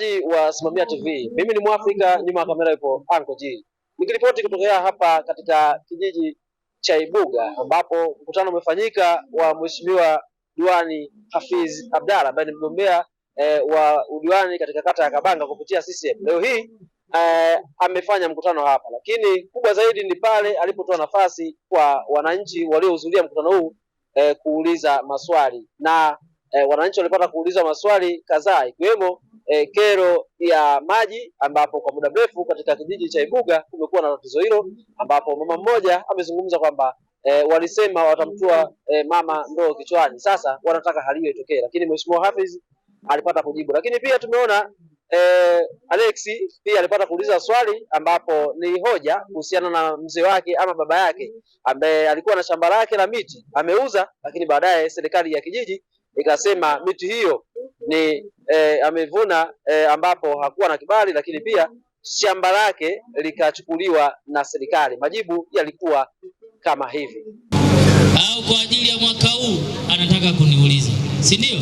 Mtazamaji wa Simamia TV, mimi ni Mwafrika, nyuma ya kamera yupo Anko G, nikiripoti kutokea hapa katika kijiji cha Ibuga ambapo mkutano umefanyika wa Mheshimiwa Diwani Hafiz Abdalla ambaye ni mgombea eh, wa udiwani katika kata ya Kabanga kupitia CCM. Leo hii eh, amefanya mkutano hapa, lakini kubwa zaidi ni pale alipotoa nafasi kwa wananchi waliohudhuria mkutano huu eh, kuuliza maswali na eh, wananchi walipata kuuliza maswali kadhaa ikiwemo e, kero ya maji, ambapo kwa muda mrefu katika kijiji cha Ibuga kumekuwa na tatizo hilo, ambapo mama mmoja amezungumza kwamba e, walisema watamtua e, mama ndoo kichwani. Sasa wanataka hali hiyo itokee, lakini Mheshimiwa Hafidh alipata kujibu, lakini pia tumeona e, Alex pia alipata kuuliza swali ambapo ni hoja kuhusiana na mzee wake ama baba yake ambaye alikuwa na shamba lake la miti ameuza, lakini baadaye serikali ya kijiji ikasema miti hiyo ni e, amevuna e, ambapo hakuwa na kibali, lakini pia shamba lake likachukuliwa na serikali. Majibu yalikuwa kama hivi. Au kwa ajili ya mwaka huu anataka kuniuliza, si ndio?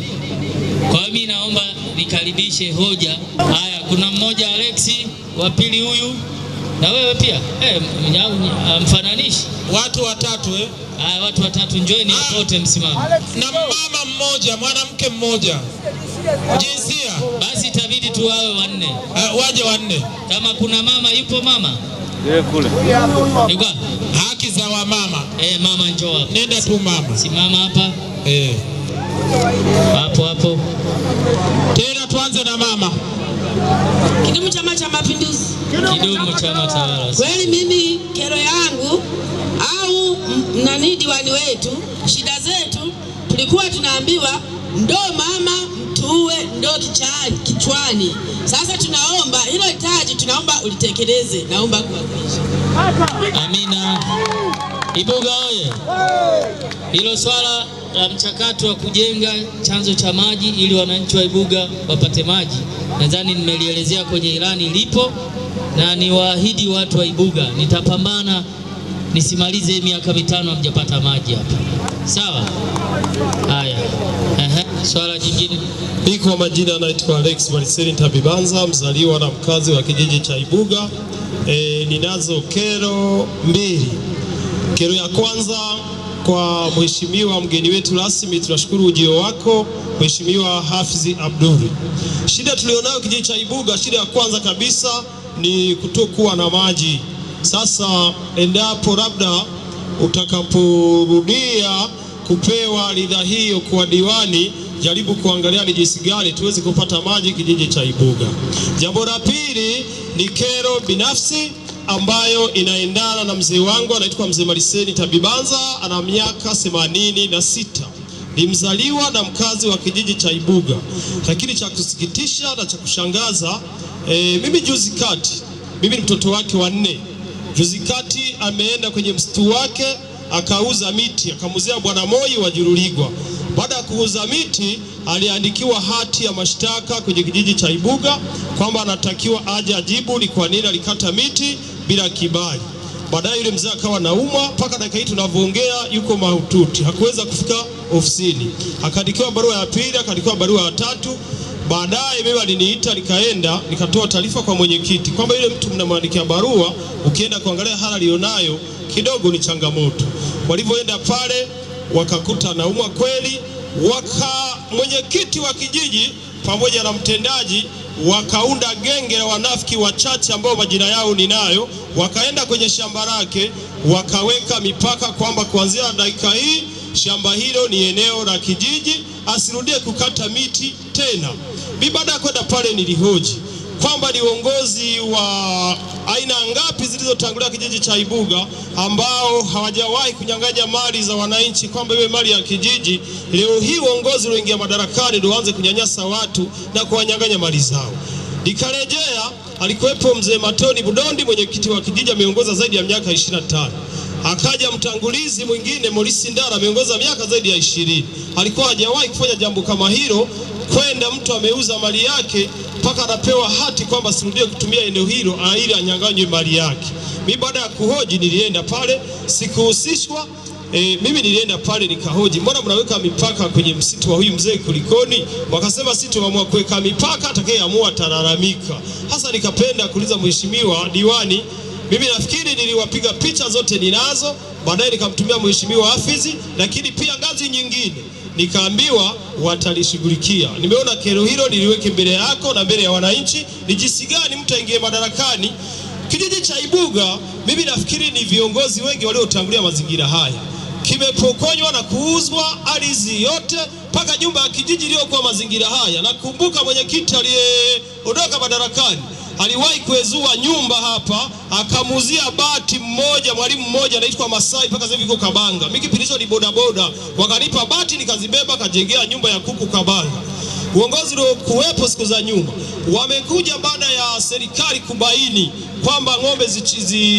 Kwa hiyo mimi naomba nikaribishe hoja. Haya, kuna mmoja Alexi, wa pili huyu na wewe pia eh, ah, mfananishi watu watatu eh? Ah, watu watatu njoeni ah, wote msimame na mama mmoja, mwanamke mmoja, jinsia basi itabidi tu wawe wanne. Uh, waje wanne. Kama kuna mama yupo mama kule. Haki za wamama eh, mama njoo hapa. Nenda tu mama, simama hapa eh. Hapo hapo tena tuanze na mama Kidumu Chama cha Mapinduzi, kidumu chama tawala. Kweli mimi kero yangu au nani, diwani wetu, shida zetu tulikuwa tunaambiwa ndo mama mtuue, ndo kichwani. Sasa tunaomba hilo hitaji, tunaomba ulitekeleze. Naomba kuwakilisha. Amina. Ibuga oye! Hilo swala la mchakato wa kujenga chanzo cha maji ili wananchi wa Ibuga wapate maji, nadhani nimelielezea kwenye ilani lipo, na niwaahidi watu wa Ibuga nitapambana nisimalize miaka mitano hamjapata maji hapa. Sawa. Haya, swala jingine ni kwa majina, anaitwa Alex Mariseli Tabibanza, mzaliwa na mkazi wa kijiji cha Ibuga. E, ninazo kero mbili. Kero ya kwanza kwa mheshimiwa mgeni wetu rasmi, tunashukuru ujio wako Mheshimiwa Hafidh Abduli. Shida tulionayo kijiji cha Ibuga, shida ya kwanza kabisa ni kutokuwa na maji. Sasa endapo labda utakaporudia kupewa ridhaa hiyo kwa diwani, jaribu kuangalia ni jinsi gani tuweze kupata maji kijiji cha Ibuga. Jambo la pili ni kero binafsi ambayo inaendana na mzee wangu anaitwa mzee mariseni Tabibanza, ana miaka themanini na sita ni mzaliwa na mkazi wa kijiji cha Ibuga. Lakini cha kusikitisha na cha kushangaza e, mimi juzi kati, mimi ni mtoto wake wa nne, juzi kati ameenda kwenye msitu wake akauza miti akamuzea bwana Moi wa Juruligwa. Baada ya kuuza miti, aliandikiwa hati ya mashtaka kwenye kijiji cha Ibuga kwamba anatakiwa aje ajibu ni kwa nini alikata miti bila kibali. Baadaye yule mzee akawa naumwa, mpaka dakika hii tunavyoongea yuko mahututi, hakuweza kufika ofisini. Akaandikiwa barua ya pili, akaandikiwa barua ya tatu. Baadaye mimi aliniita, nikaenda nikatoa taarifa kwa mwenyekiti kwamba yule mtu mnamwandikia barua, ukienda kuangalia hali aliyonayo kidogo ni changamoto. Walivyoenda pale wakakuta naumwa kweli, waka mwenyekiti wa kijiji pamoja na mtendaji wakaunda genge la wanafiki wachache ambao majina yao ninayo, wakaenda kwenye shamba lake wakaweka mipaka kwamba kuanzia dakika hii shamba hilo ni eneo la kijiji, asirudie kukata miti tena. bibada baada ya kwenda pale nilihoji kwamba ni uongozi wa aina ngapi zilizotangulia kijiji cha Ibuga ambao hawajawahi kunyang'anya mali za wananchi, kwamba iwe mali ya kijiji. Leo hii uongozi ulioingia madarakani ndio uanze kunyanyasa watu na kuwanyang'anya mali zao. Nikarejea, alikuwepo mzee Matoni Budondi, mwenyekiti wa kijiji, ameongoza zaidi ya miaka 25. Akaja mtangulizi mwingine Morisi Ndara, ameongoza miaka zaidi ya ishirini. Alikuwa hajawahi kufanya jambo kama hilo, kwenda mtu ameuza mali yake mpaka anapewa hati kwamba sirudie kutumia eneo hilo ili anyang'anywe mali yake. Mi baada ya kuhoji nilienda pale, sikuhusishwa. E, mimi nilienda pale nikahoji, mbona mnaweka mipaka kwenye msitu wa huyu mzee kulikoni? Wakasema sisi tumeamua kuweka mipaka, atakayeamua atalalamika. Hasa nikapenda kuuliza mheshimiwa diwani mimi nafikiri niliwapiga picha zote ninazo, baadaye nikamtumia mheshimiwa afisi, lakini pia ngazi nyingine nikaambiwa watalishughulikia. Nimeona kero hilo niliweke mbele yako na mbele ya wananchi, ni jinsi gani mtu aingie madarakani. Kijiji cha Ibuga, mimi nafikiri ni viongozi wengi waliotangulia mazingira haya, kimepokonywa na kuuzwa ardhi yote mpaka nyumba ya kijiji iliyokuwa mazingira haya. Nakumbuka mwenyekiti aliyeondoka madarakani aliwahi kuezua nyumba hapa akamuzia bati mmoja mwalimu mmoja anaitwa Masai, mpaka sasa yuko Kabanga. Mimi kipindi hicho ni bodaboda, wakanipa bati nikazibeba, kajengea nyumba ya kuku Kabanga uongozi uliokuwepo siku za nyuma wamekuja baada ya serikali kubaini kwamba ng'ombe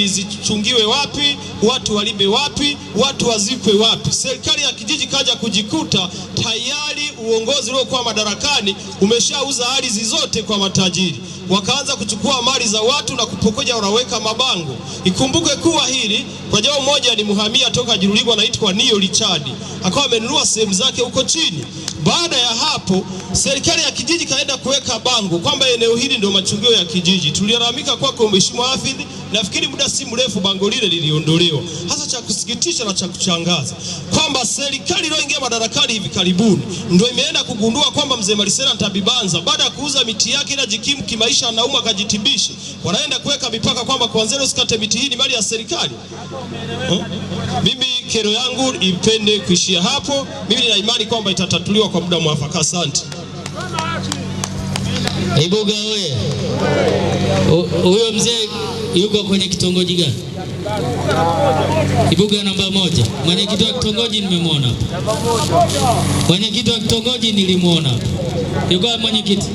zichungiwe wapi, watu walibe wapi, watu wazikwe wapi. Serikali ya kijiji kaja kujikuta tayari uongozi uliokuwa madarakani umeshauza ardhi zote kwa matajiri, wakaanza kuchukua mali za watu na kupokoja, wanaweka mabango. Ikumbuke kuwa hili kwa jambo moja, ni mhamia toka Jiruligwa anaitwa Nio Richard akawa amenunua sehemu zake huko chini baada ya hapo, serikali ya kijiji kaenda kuweka bango kwamba eneo hili ndio machungio ya kijiji. Tulilalamika kwako mheshimiwa Hafidh, nafikiri muda si mrefu bango lile liliondolewa. Hasa cha kusikitisha na cha kuchangaza kwamba serikali iliyoingia madarakani hivi karibuni ndio imeenda kugundua kwamba mzee Marisela Ntabibanza baada ya kuuza miti yake na jikimu kimaisha, anauma kajitibishi, wanaenda kuweka mipaka kwamba kwanza leo usikate miti, hii ni mali ya serikali huh? Mimi kero yangu ipende kuishia hapo. Mimi nina imani kwamba itatatuliwa kwa kwa muda mwafaka. Asante Ibuga oye. Huyo mzee yuko kwenye kitongoji gani? Ibuga namba moja. Mwenyekiti wa kitongoji nimemwona hapa, mwenyekiti wa kitongoji nilimwona hapa. Yuko mwenyekiti,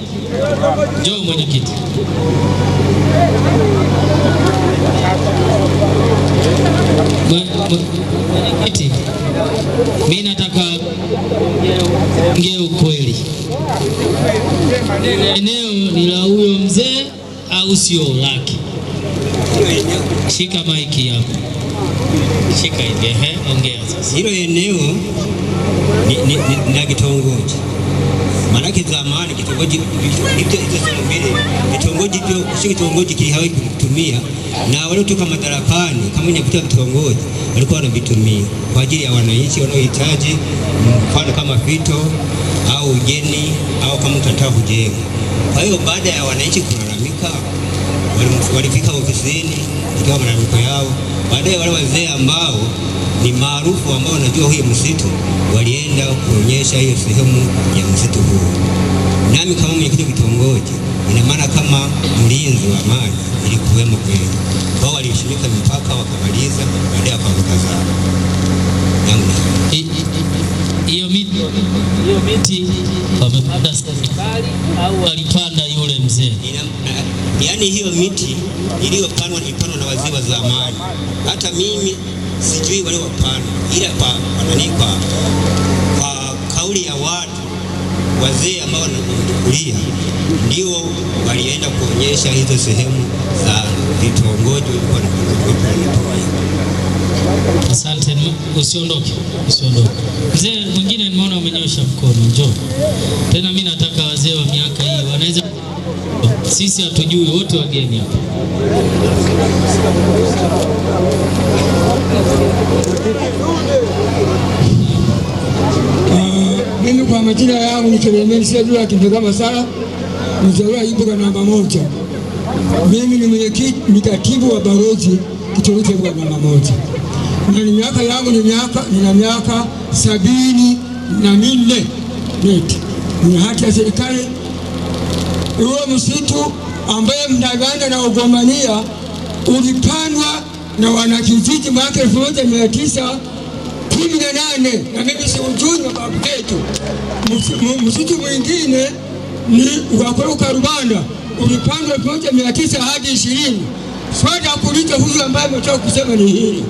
njoo mwenyekiti Mwenyekiti, mimi nataka ngee ukweli, eneo ni la huyo mzee au sio lake? Shika maiki yako, shika hivi, ehe, ongea sasa. Hilo eneo ni la kitongoji Maanake zamani kitongoji mbele kitongoji sio kitongoji kile hawezi kutumia, na waliotoka madarakani kama ni kutoka kitongoji walikuwa wanavitumia kwa ajili ya wananchi wanaohitaji, mfano kama vito au ujeni au kama mtu kujenga. Kwa hiyo baada ya wananchi kulalamika, walifika ofisini ikiwa malalamiko yao Baadaye wale wazee ambao ni maarufu ambao wanajua huyo msitu walienda kuonyesha hiyo sehemu ya msitu huo. Nami kama mwenyekiti wa kitongoji, ina maana kama mlinzi wa mali ilikuwemo kweli, wao walishirika mipaka wakamaliza, baadaye zao. hiyo miti hiyo miti wamepanda serikali au walipanda yule mzee Yaani hiyo miti iliyopandwa ilipandwa na wazee wa zamani, hata mimi sijui waliopanda, ila kwa wananipa kwa kauli ya watu wazee ambao wanakulia ndio walienda kuonyesha hizo sehemu za vitongoji walikuwa wanakulia. Asante, usiondoke, usiondoke. Mzee mwingine nimeona umenyosha mkono, njoo tena. Mimi nataka wazee wa miaka hii wanaweza sisi hatujui, wote wageni hapa. Mimi kwa majina yangu nitelemesajua Kintegama Sara, mzaliwa Ibuka namba moja. Mimi ni mwenyekiti, ni katibu wa balozi kitongoji cha namba moja, na ni miaka yangu ni miaka nina miaka sabini na minne neti, nina hati ya serikali huo msitu ambaye mnaganda na Ugomania ulipandwa na wanakijiji mwaka elfu moja mia tisa kumi na nane na mimi si ujui wa babu yetu. Msitu mwingine ni wakweuka Rubanda ulipandwa elfu moja mia tisa hadi ishirini. Swali ya kuuliza huyu ambaye ametoka kusema ni hili,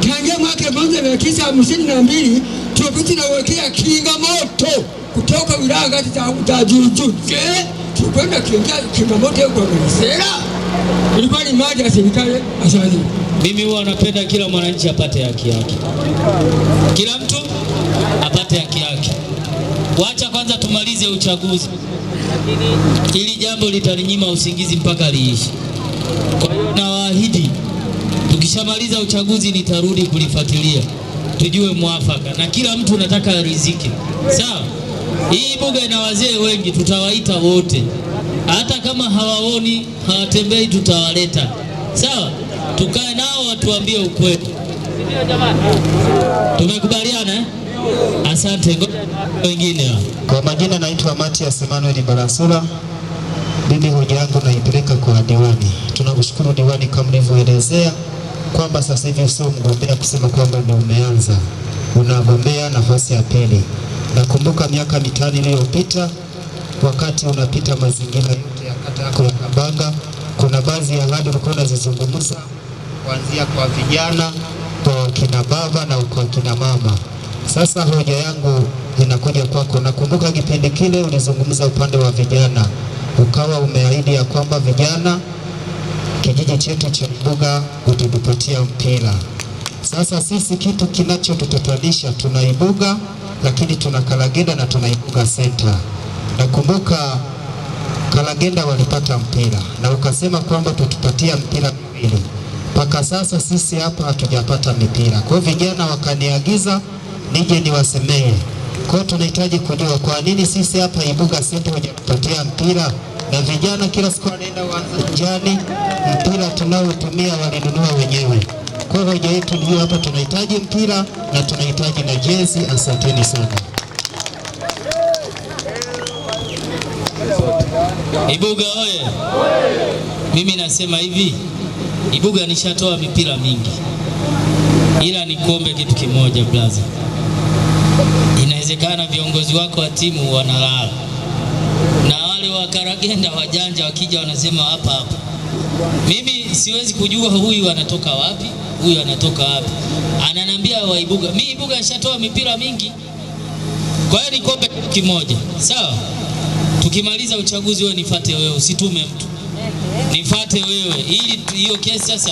tangia mwaka elfu moja mia tisa hamsini na mbili tulikuwa nawekea kinga moto kutoka wilaya kati za Juujuu Kikwete kiongea Kikwambote kwa sera ilikuwa ni maji ya serikali Mimi huwa napenda kila mwananchi apate haki yake, kila mtu apate haki yake. Wacha kwanza tumalize uchaguzi, ili jambo litalinyima usingizi mpaka liishi. Kwa hiyo nawaahidi, tukishamaliza uchaguzi nitarudi kulifuatilia, tujue mwafaka, na kila mtu nataka arizike, sawa. Hii mbuga ina wazee wengi, tutawaita wote, hata kama hawaoni hawatembei, tutawaleta sawa. Tukae nao watuambie ukweli. Tumekubaliana eh? Asante. Wengine kwa majina, naitwa Matias Emmanuel Barasula. Mimi hoja yangu naipeleka kwa diwani. Tunakushukuru diwani, kama mlivyoelezea kwamba sasa hivi sio mgombea kusema kwamba ndio umeanza, unagombea nafasi ya pili. Nakumbuka miaka mitano iliyopita, wakati unapita mazingira yote ya kata yako ya Kabanga, kuna baadhi ya ahadi ulikuwa unazizungumza kuanzia kwa vijana, kwa kina baba na kwa kina mama. Sasa hoja yangu inakuja kwako. Nakumbuka kipindi kile ulizungumza upande wa vijana, ukawa umeahidi ya kwamba vijana kijiji chetu cha Mbuga utatupatia mpira. Sasa sisi kitu kinachotutatanisha tuna Ibuga lakini tuna Kalagenda na tuna Ibuka Center. Nakumbuka Kalagenda walipata mpira na ukasema kwamba tutupatia mpira miwili, mpaka sasa sisi hapa hatujapata mipira. Kwa hiyo vijana wakaniagiza nije niwasemee. Kwa hiyo tunahitaji kujua kwa nini sisi hapa Ibuka Center hujatupatia mpira na vijana kila siku wanaenda uwanjani, mpira tunaotumia walinunua wenyewe. Kwa hiyo hoja yetu ni hapa, tunahitaji mpira na tunahitaji na jezi. Asanteni sana. Ibuga oye! Mimi nasema hivi, Ibuga nishatoa mipira mingi, ila nikuombe kitu kimoja blaza, inawezekana viongozi wako wa timu wanalala na wale wakaragenda wajanja wakija wanasema hapa hapa. Mimi siwezi kujua huyu anatoka wapi huyu anatoka wapi? Ananiambia Waibuga. Mimi Ibuga nishatoa mipira mingi, kwa hiyo nikombe kimoja, sawa. Tukimaliza uchaguzi wewe nifate wewe, usitume mtu, nifate wewe, ili hiyo kesi sasa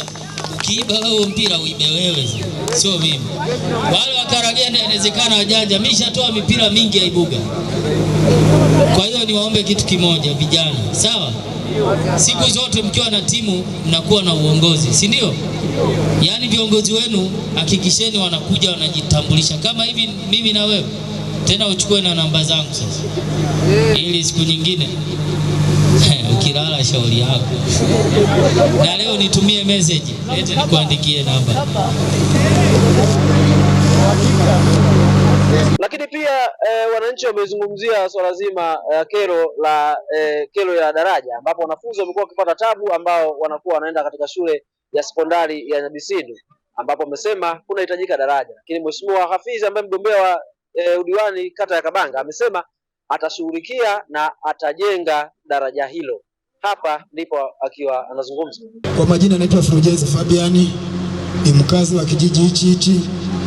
ukiiba wewe mpira uibe wewe, sio mimi. Wale Karagenda inawezekana wajanja. Mimi nishatoa mipira mingi ya Ibuga, kwa hiyo niwaombe kitu kimoja vijana, sawa. Siku zote mkiwa na timu mnakuwa na uongozi, si ndio? Yaani viongozi wenu hakikisheni wanakuja wanajitambulisha kama hivi, mimi na wewe tena uchukue na namba zangu sasa, ili siku nyingine ukilala shauri yako. Na leo nitumie message, eti nikuandikie namba. pia e, wananchi wamezungumzia swala zima e, kero la e, kero ya daraja ambapo wanafunzi wamekuwa wakipata tabu ambao wanakuwa wanaenda katika shule ya sekondari ya Nyabisindu ambapo wamesema kunahitajika daraja, lakini Mheshimiwa Hafizi ambaye mgombea wa e, udiwani kata ya Kabanga amesema atashughulikia na atajenga daraja hilo. Hapa ndipo akiwa anazungumza. Kwa majina anaitwa Frujeza Fabiani, ni mkazi wa kijiji hichi hichi,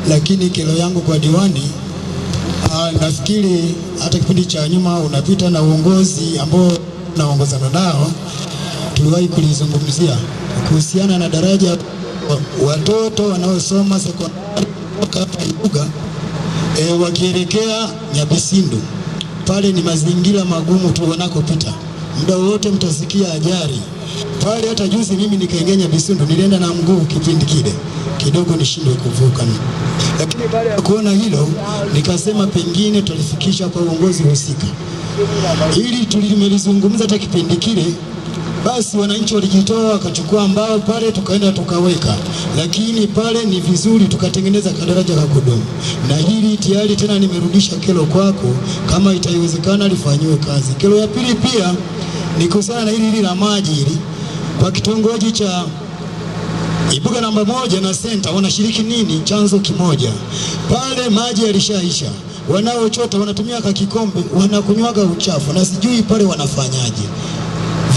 lakini kero yangu kwa diwani Ah, nafikiri hata kipindi cha nyuma unapita na uongozi ambao naongozana nao, tuliwahi kulizungumzia kuhusiana na daraja watoto wanaosoma sekondari hapa Ibuga e, eh, wakielekea Nyabisindu pale ni mazingira magumu wanakopita muda wowote mtasikia ajali pale. Hata juzi mimi nikaengenya Bisundu, nilienda na mguu kipindi kile kidogo nishindwe kuvuka, lakini baada ya kuona hilo nikasema pengine tutalifikisha kwa uongozi husika, ili tulimelizungumza hata kipindi kile. Basi wananchi walijitoa wakachukua mbao pale, tukaenda tukaweka, lakini pale ni vizuri tukatengeneza kadaraja la kudumu. Na hili tayari tena nimerudisha kero kwako, kama itaiwezekana lifanyiwe kazi. Kero ya pili pia nikosana na hili hili la maji hili kwa kitongoji cha Ibuga namba moja na senta wanashiriki nini? Chanzo kimoja pale, maji yalishaisha, wanaochota wanatumia kakikombe, wanakunywaga uchafu na sijui pale wanafanyaje.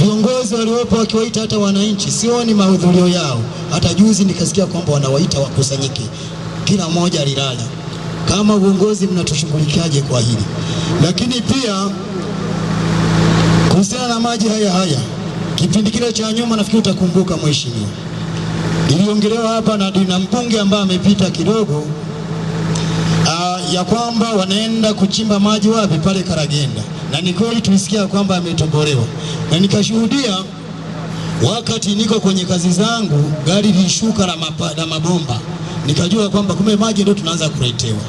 Viongozi waliopo wakiwaita hata wananchi, sioni mahudhurio yao. Hata juzi nikasikia kwamba wanawaita wakusanyike, kila mmoja alilala. Kama uongozi, mnatushughulikiaje kwa hili? Lakini pia Kuhusiana na maji haya haya, kipindi kile cha nyuma, nafikiri utakumbuka mheshimiwa, iliongelewa hapa na, na mbunge ambaye amepita kidogo aa, ah, ya kwamba wanaenda kuchimba maji wapi pale Karagenda, na ni kweli tulisikia kwamba ametobolewa, na nikashuhudia wakati niko kwenye kazi zangu, gari lilishuka la, la mabomba, nikajua kwamba kumbe maji ndio tunaanza kuletewa,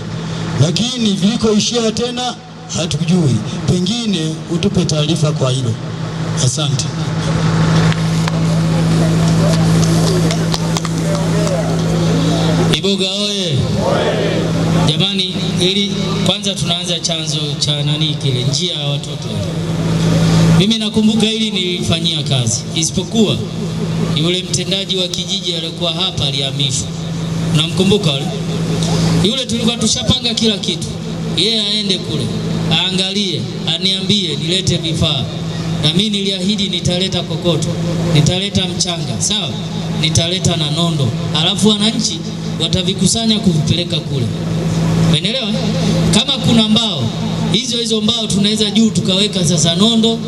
lakini vilikoishia tena hatukujui, pengine utupe taarifa kwa hilo. Asante. Ibuga oye! Jamani, ili kwanza tunaanza chanzo cha nani kile njia ya watoto. Mimi nakumbuka hili nilifanyia kazi, isipokuwa yule mtendaji wa kijiji alikuwa hapa, alihamishwa. Namkumbuka yule, tulikuwa tushapanga kila kitu yeye aende kule aangalie, aniambie nilete vifaa, na mimi niliahidi nitaleta kokoto, nitaleta mchanga, sawa, nitaleta na nondo, alafu wananchi watavikusanya kuvipeleka kule, umeelewa? Kama kuna mbao hizo hizo mbao tunaweza juu tukaweka sasa nondo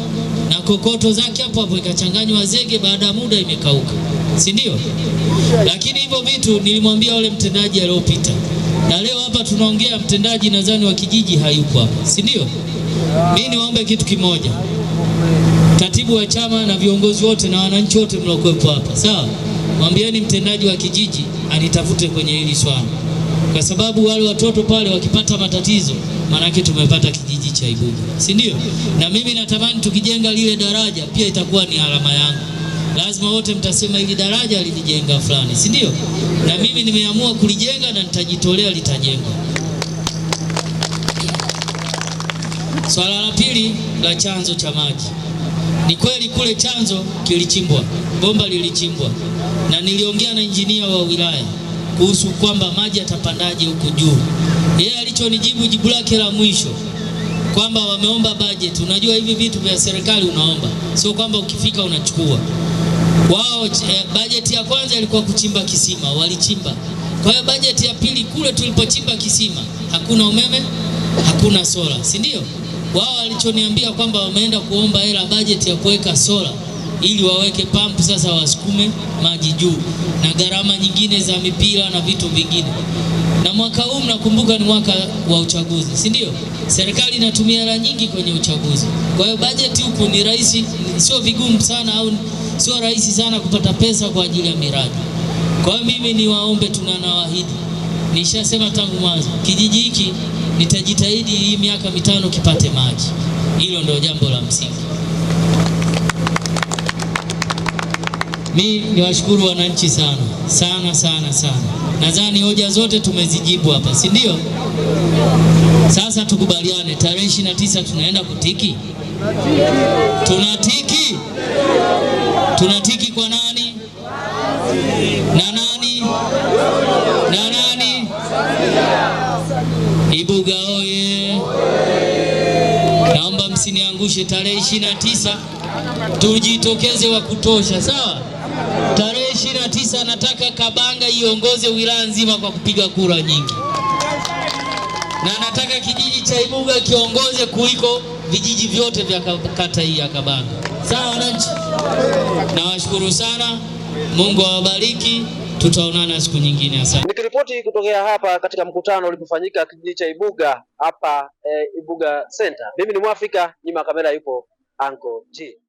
na kokoto zake hapo hapo, ikachanganywa zege, baada ya muda imekauka, si ndio? Lakini hivyo vitu nilimwambia yule mtendaji aliyopita na leo hapa tunaongea, mtendaji nadhani wa kijiji hayupo hapa, si ndio? Mimi niwaombe kitu kimoja, katibu wa chama na viongozi wote na wananchi wote mliokuwepo hapa, sawa, mwambieni mtendaji wa kijiji alitafute kwenye hili swala, kwa sababu wale watoto pale wakipata matatizo maanake tumepata kijiji cha Ibuji, si ndio? Na mimi natamani tukijenga lile daraja pia itakuwa ni alama yangu lazima wote mtasema hili daraja lilijenga fulani, si ndio? Na mimi nimeamua kulijenga na nitajitolea litajengwa. Swala la pili la chanzo cha maji, ni kweli kule chanzo kilichimbwa, bomba lilichimbwa, na niliongea na injinia wa wilaya kuhusu kwamba maji yatapandaje huko juu. Yeye alichonijibu jibu lake la mwisho kwamba wameomba bajeti. Unajua hivi vitu vya serikali unaomba, sio kwamba ukifika unachukua wao eh, bajeti ya kwanza ilikuwa kuchimba kisima, walichimba. Kwa hiyo bajeti ya pili, kule tulipochimba kisima hakuna umeme, hakuna sola, si ndio? Wao walichoniambia kwamba wameenda kuomba hela bajeti ya kuweka sola ili waweke pampu sasa wasukume maji juu na gharama nyingine za mipira na vitu vingine. Na mwaka huu mnakumbuka ni mwaka wa uchaguzi, si ndio? Serikali inatumia hela nyingi kwenye uchaguzi, kwa hiyo bajeti huku ni rahisi, sio vigumu sana au sio rahisi sana kupata pesa kwa ajili ya miradi. Kwa hiyo mimi niwaombe, tunanawaahidi, nishasema tangu mwanzo, kijiji hiki nitajitahidi hii miaka mitano kipate maji. Hilo ndio jambo la msingi. Mi niwashukuru wananchi sana sana sana sana. Nadhani hoja zote tumezijibu hapa, si ndio? Sasa tukubaliane, tarehe 29 tunaenda kutiki, tunatiki tunatiki kwa nani na nani na nani? Ibuga oye! Naomba msiniangushe. Tarehe ishirini na tisa tujitokeze wa kutosha, sawa? Tarehe ishirini na tisa nataka Kabanga iongoze wilaya nzima kwa kupiga kura nyingi, na nataka kijiji cha Ibuga kiongoze kuliko vijiji vyote vya kata hii ya Kabanga, sawa wananchi? Nawashukuru sana, Mungu awabariki, tutaonana siku nyingine. Asante. Nikiripoti kutokea hapa katika mkutano ulipofanyika kijiji cha Ibuga hapa e, Ibuga Center, mimi ni Mwafrika, nyuma ya kamera yupo Anko G.